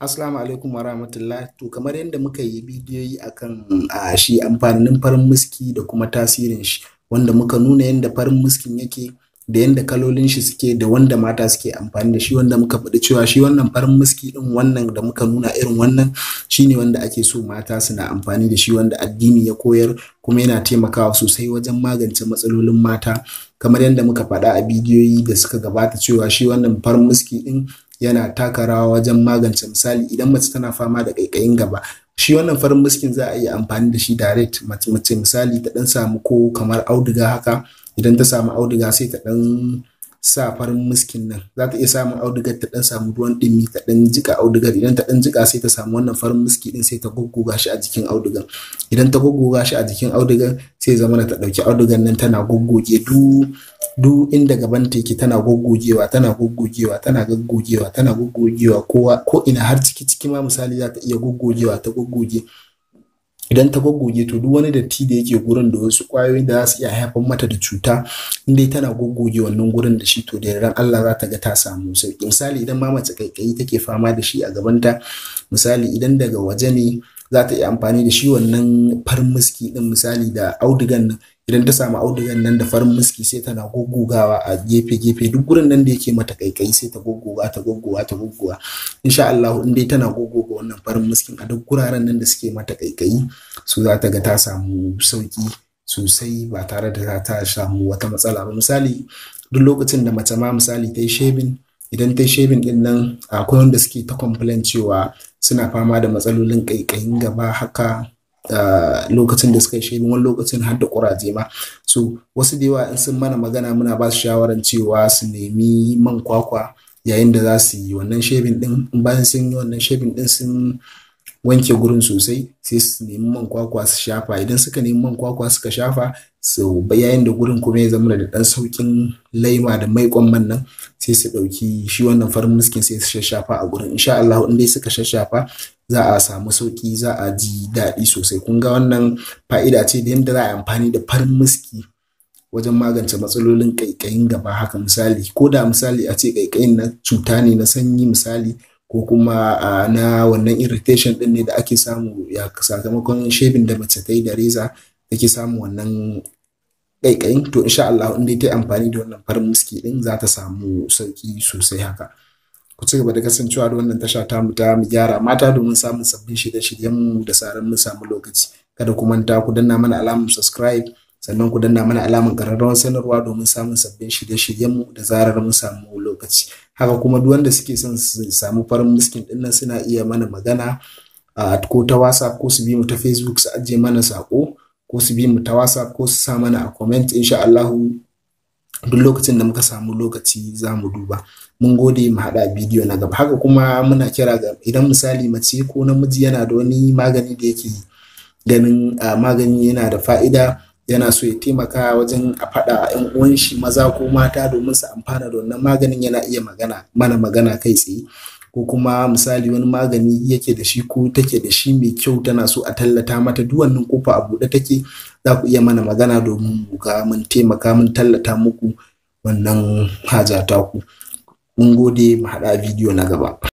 Assalamu alaikum wa rahmatullah. To kamar yadda muka yi bidiyoyi akan a shi amfanin farin muski da kuma tasirin shi wanda muka nuna yadda farin muskin yake da yadda kalolin shi suke da wanda mata suke amfani da shi wanda muka faɗi cewa shi wannan farin muski ɗin wannan da muka nuna irin wannan shine wanda ake so mata suna amfani da shi wanda addini ya koyar kuma yana taimakawa sosai wajen magance matsalolin mata kamar yadda muka faɗa a bidiyoyi da suka gabata cewa shi wannan farin muski ɗin yana taka rawa wajen magance misali idan mace tana fama da kaikayin gaba shi wannan farin muskin za a iya amfani da shi direct mace misali ta dan samu ko kamar auduga haka idan ta samu auduga sai ta dan sa farin muskin nan za ta iya samun audugar ta dan samu ruwan dumi ta dan jika audugar idan ta dan jika sai ta samu wannan farin muski din sai ta gogoga shi a jikin audugar idan ta gogoga shi a jikin audugar sai zama ta dauki audugar nan tana goggoge duk duk inda gaban teki tana goggogewa tana goggogewa tana goggogewa tana goggogewa kowa ko ina har ciki ciki ma misali za ta iya goggogewa ta goggoge idan ta goggoge to duk wani datti da yake gurin da wasu kwayoyi da za su iya haifar mata da cuta indai tana goggoge wannan gurin da shi to da ran Allah za ta ga ta samu sauki misali idan ma mace kaikayi take fama da shi a gabanta misali idan daga waje ne za ta iya amfani da shi wannan farin miski din misali da audigan nan idan ta samu audigan nan da farin muski sai tana goggogawa a gefe gefe duk gurin nan da yake mata kaikai sai ta goggoga ta goggoga ta goggoga insha Allah in dai tana goggoga wannan farin muskin a duk guraren nan da suke mata kaikai su za ta ga ta samu sauki sosai ba tare da ta samu wata matsala ba misali duk lokacin da mace ma misali ta yi shebin idan ta yi shebin din nan akwai wanda suke ta complain cewa suna fama da matsalolin ƙaiƙayin gaba haka lokacin da suka shi wani lokacin har da kuraje ma so wasu da yawa in sun mana magana muna ba su shawaran cewa su nemi man kwakwa yayin da za su yi wannan shebin din bayan sun yi wannan shebin din sun wanke gurin sosai sai su nemi man kwakwa su shafa idan suka nemi man kwakwa suka shafa su yayin da gurin kuma ya zama da dan saukin laima da mai man nan sai su dauki shi wannan farin miskin sai su shafa a gurin insha Allah in dai suka shafa za a samu sauki za a ji daɗi sosai kun ga wannan fa'ida ce da yadda za a amfani da farin miski wajen magance matsalolin ƙaiƙayin gaba haka misali ko da misali a ce ƙaiƙayin na cuta ne na sanyi misali ko kuma na wannan irritation din ne da ake samu ya sakamakon shebin da mace ta yi da reza take samu wannan ƙaiƙayin to insha Allah in dai ta yi amfani da wannan farin muski din za ta samu sauƙi sosai haka ku ci gaba da kasancewa da wannan tasha ta mu ta mu gyara mata domin samun sabbin shirye mu da saran mu samu lokaci kada ku manta ku danna mana alamar subscribe sannan ku danna mana alamar ƙararrawar sanarwa domin samun sabbin shirye-shiryen mu da zarar mun samu lokaci haka kuma duk wanda suke son su samu farin miskin dinnan suna iya mana magana a ko ta whatsapp ko su bi mu ta facebook su ajiye mana sako ko su bi mu ta whatsapp ko su sa mana a comment insha Allahu duk lokacin da muka samu lokaci za mu duba mun gode mu haɗa bidiyo na gaba haka kuma muna kira ga idan misali mace ko namiji yana da wani magani da yake ganin magani yana da fa'ida yana so ya taimaka wajen a faɗa a ‘yan uwan shi maza ko mata domin su amfana da wannan maganin yana iya magana mana magana kai tsaye ko kuma misali wani magani yake da shi ko take da shi mai kyau tana so a tallata mata duk wannan kofa a buɗe take za ku iya mana magana domin mu ga mun taimaka mun tallata muku wannan haja ta ku mun gode mu haɗa bidiyo na gaba